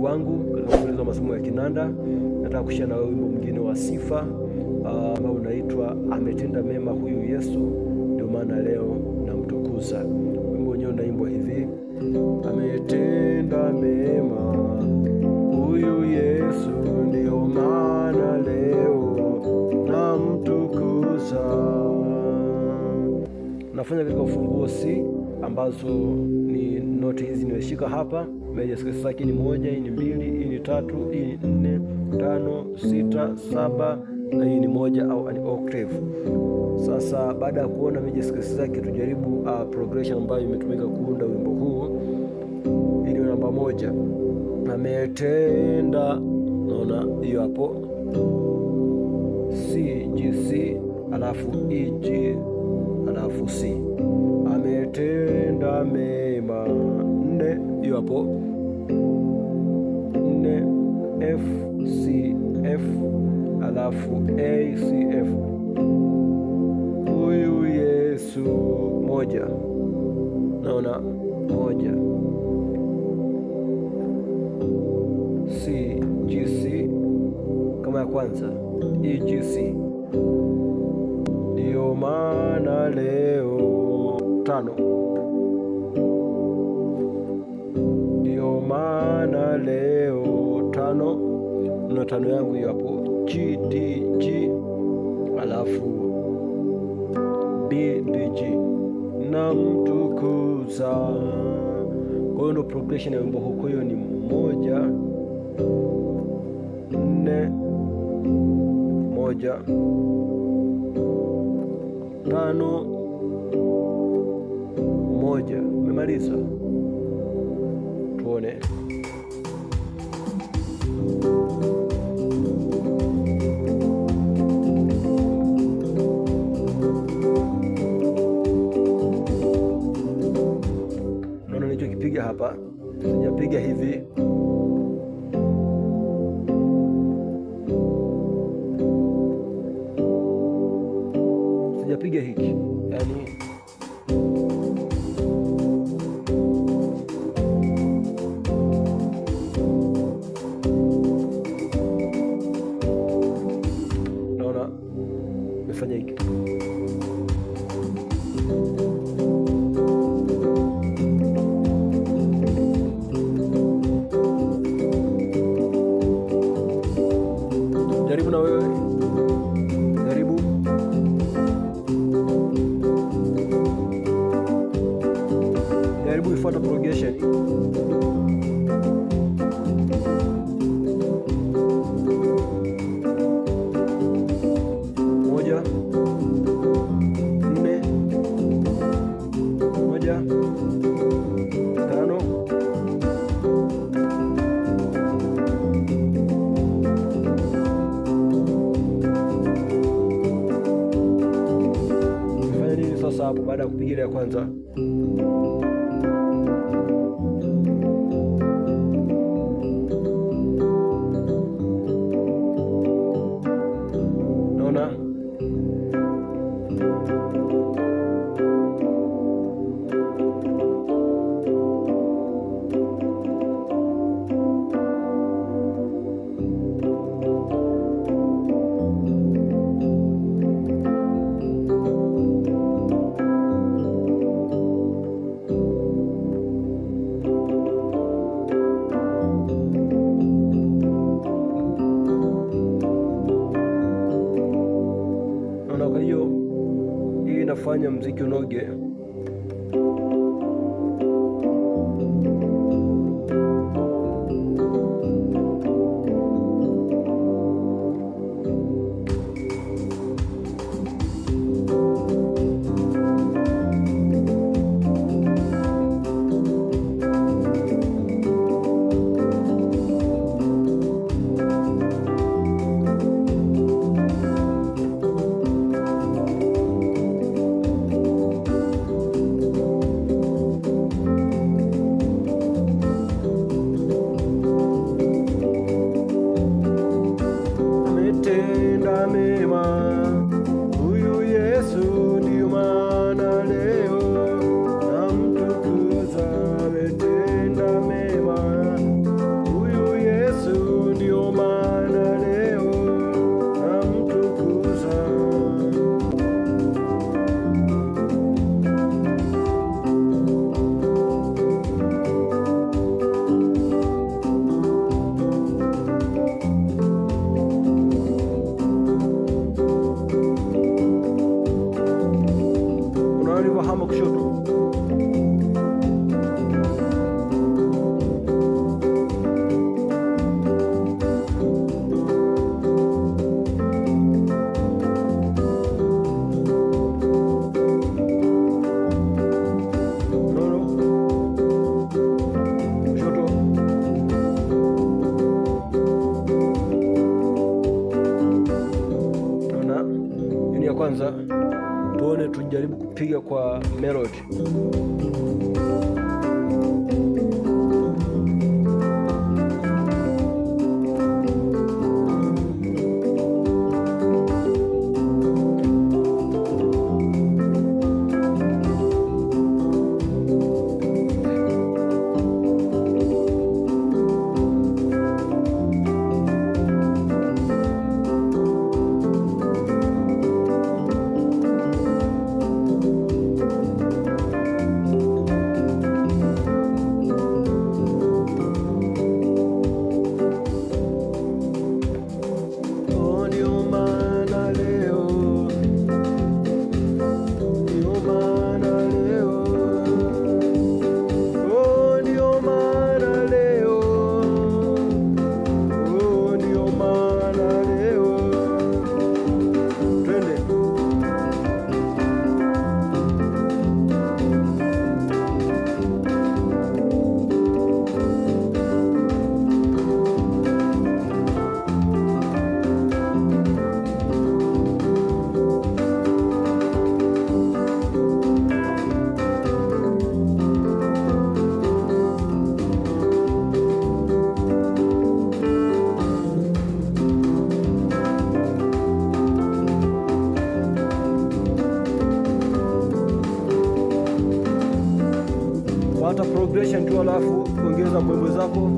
wangu katika mfululizo wa masomo ya kinanda, nataka kushia na wimbo mwingine wa sifa ah, ambao uh, unaitwa ametenda mema huyu Yesu, ndio maana leo kugusa. Wimbo wenyewe unaimbwa hivi: ametenda mema huyu Yesu, ndio maana leo namtukuza. Nafanya katika ufunguo C ambazo ni noti hizi nimeshika hapa meja ni moja, hii ni mbili, hii ni tatu, hii ni nne, tano, sita, saba na hii ni moja au an octave. Sasa baada ya kuona major scales zake, tujaribu uh, progression ambayo imetumika kuunda wimbo huu. Hii namba moja, ametenda naona hiyo hapo C G C alafu E G alafu C, ametenda mema nne, hiyo hapo nne F C F alafu ACF. Huyu Yesu moja, naona moja C G C kama ya kwanza E G C. Ndio maana leo tano, ndio maana leo tano, na tano yangu hiyo hapo. GDG alafu BDG na mtukuza. Kwa hiyo ndo progression ya wimbo huko, hiyo ni moja nne moja tano moja. Umemaliza, tuone. hapa, sijapiga hivi jaribu ifuata progression. Moja nne moja kufanya mziki unoge kupiga kwa melody. Só vamos meus